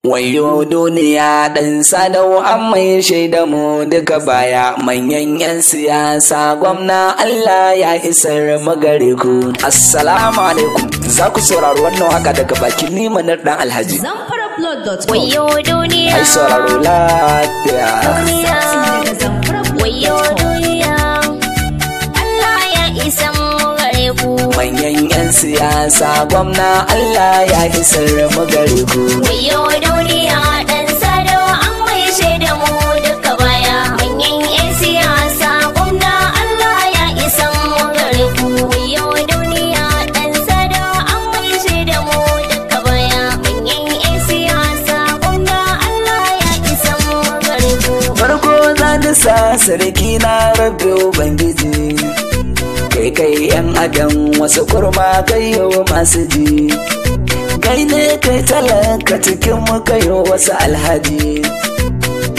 Wayo duniya ɗan sadau an mai shaida mu duka baya manyan 'yan siyasa gwamna Allah ya isar magariku. Assalamu alaikum za ku sauraro wannan haka daga bakin na ɗan alhaji. Wayo duniya. Ai sauraro lafiya. Wayo duniya. siyasa gwamna Allah ya fi sarrafa garibu. ɗan an baya. 'yan siyasa gwamna Allah duniya ɗan an baya. 'yan siyasa gwamna Allah ya sarki na rabbi Ubangiji. kai yan adam wasu kurma kai yau masu ji kai ne kai talaka cikin muka wasu alhaji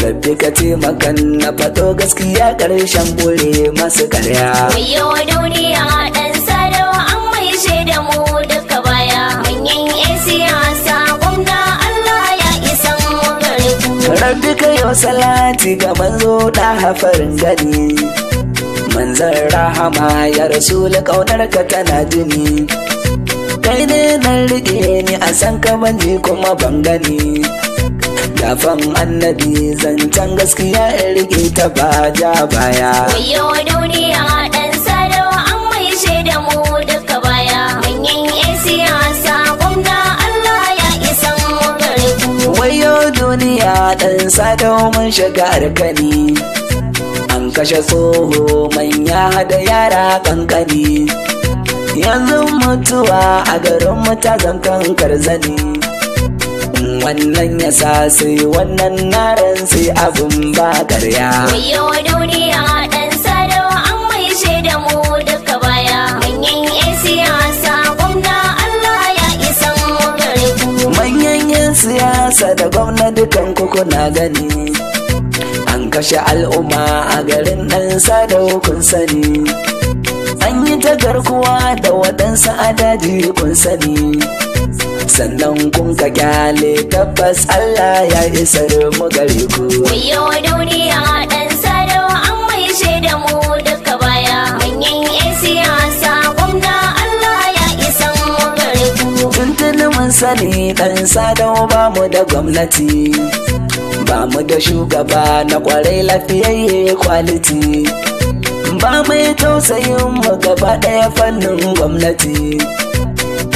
Gabbe ka makan na fato gaskiya karshen bore masu karya. Mai duniya dauniya ɗan sadawa an mai shaida mu duka baya. Manyan 'yan siyasa gwamna Allah ya isa mu gare Rabbi ka yau salati ga manzo da hafarin gani. manzan rahama ya rasu kaunar ka tana jini kai ne na rike ni a san ka bane kuma ban gani gafan annabi zancen gaskiya in rike ta ba ja baya wayo duniya dan salo an mai shaida mu duka baya manyan yan siyasa gwamna Allah ya isa mu gare ku wayo duniya dan Sado mun shiga arkani kashe tsoho manya da yara kankani yanzu mutuwa a garin zan kankar karzani wannan ya sa sai wannan naran sai abin ba karya duniya dan an mu duka baya manyan siyasa siyasa da gwamna dukan kuku na gani kashe al'umma a garin ɗan sadau kun sani an yi ta garkuwa da waɗansu adadi kun sani sannan kun ka kyale tabbas Allah ya da mu gare ku wayo duniya ɗan sadau an mai shaida mu duka baya manyan 'yan siyasa gwamna Allah ya isan mu gare ku tuntuni mun sani ɗan sadau ba mu da gwamnati ba mu da shugaba na kwarai lafiyayye kwaliti ba mai tausayin mu gaba ɗaya fannin gwamnati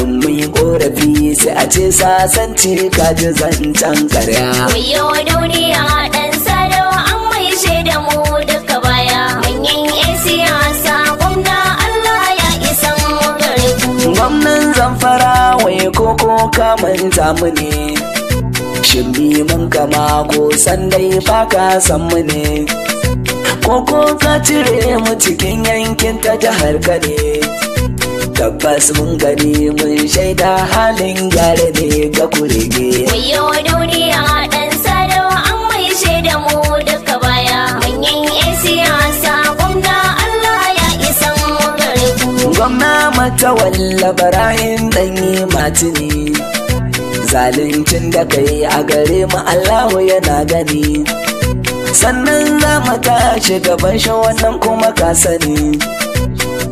in mun yi korafi sai a ce sasance kaji zancen karya wayo duniya ɗan sadawa an mai shaida mu duka baya manyan 'yan siyasa gwamna Allah ya isa mu gare gwamnan zamfara wai koko manta mu ne shirmi mun kama ko sandai fa ka san mu ne ko ko ka cire mu cikin yankin ta jihar ka tabbas mun gani mun shaida halin gare ne ga kurege wayo duniya dan sada an mai shaida mu duka baya yi yan siyasa gwamna Allah ya isa mu gare ku gwamna mata walla barayin danyi matini zaluncin da ka yi a gare mu Allahu yana gani sannan za mu tashi gaban shi wannan kuma ka sani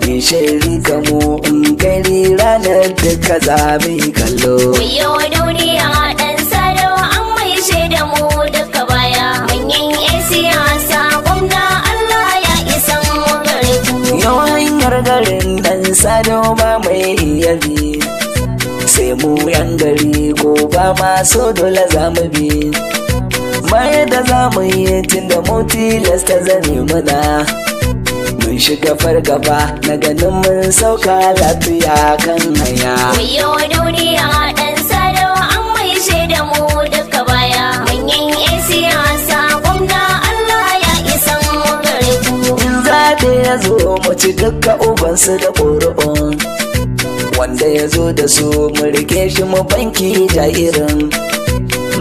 in shiri mu in gari ranar da ka zabi kallo yau duniya dan sado an mai shaida mu duka baya manyan yan siyasa gwamna Allah ya isa mu gare ku yau hanyar garin dan ba mai iya sai mu kama so dole za mu bi mai da za mu yi tun da moti lasta zane muna mun shiga fargafa na ganin mun sauka lafiya kan haya wayo duniya dan salo an mai shaida mu duka baya manyan yan siyasa gwamna Allah ya isan mu gare ku in zaɓe ya zo mu ci duka ubansu da ƙuri'un wanda ya zo da su mu rike shi mu banki jairin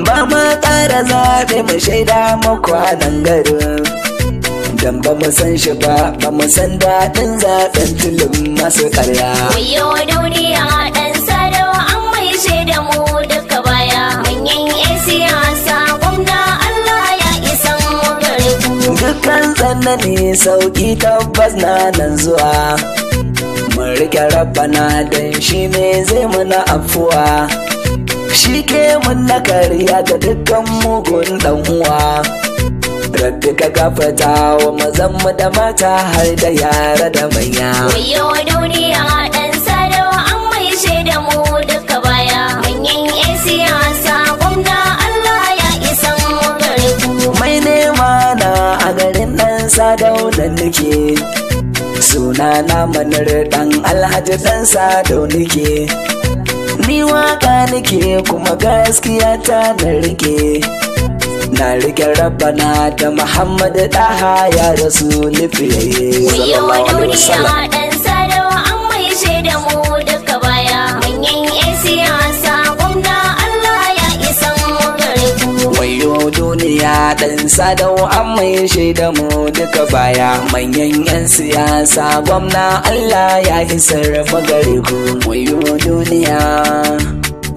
ba ma ƙara zaɓe mu shaida maku a nan garin dan ba mu san shi ba ba mu san daɗin zaɓen tulun masu ƙarya wayo duniya ɗan sadau an mai shaida mu duka baya manyan yan siyasa gwamna Allah ya isa mu gare ku dukkan ne sauki tabbas na nan zuwa mun rike rabbana dan shi ne zai muna afuwa shi ke mun na ga dukkan mugun dan uwa rabbi ka gafata wa mazan mu da mata har da yara da manya wayo duniya dan sadawa an mai da mu duka baya manyan yan suna na manar dan alhaji dan sado nike ni waka nike kuma gaskiya ta na rike na rike rabana da muhammadu daha ya rasu nufi yayi sallallahu alaihi wasallam sadau an mai shaida mu duka baya manyan yan siyasa gwamna Allah ya sarrafa gare ku wayo duniya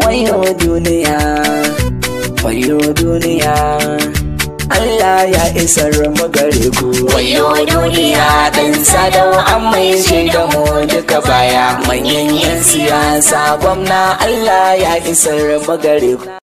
wayo duniya wayo duniya Allah ya isar gare ku. Wayo duniya dan sadau an mai shaida mu duka baya manyan yan siyasa gwamna Allah ya isar gare ku.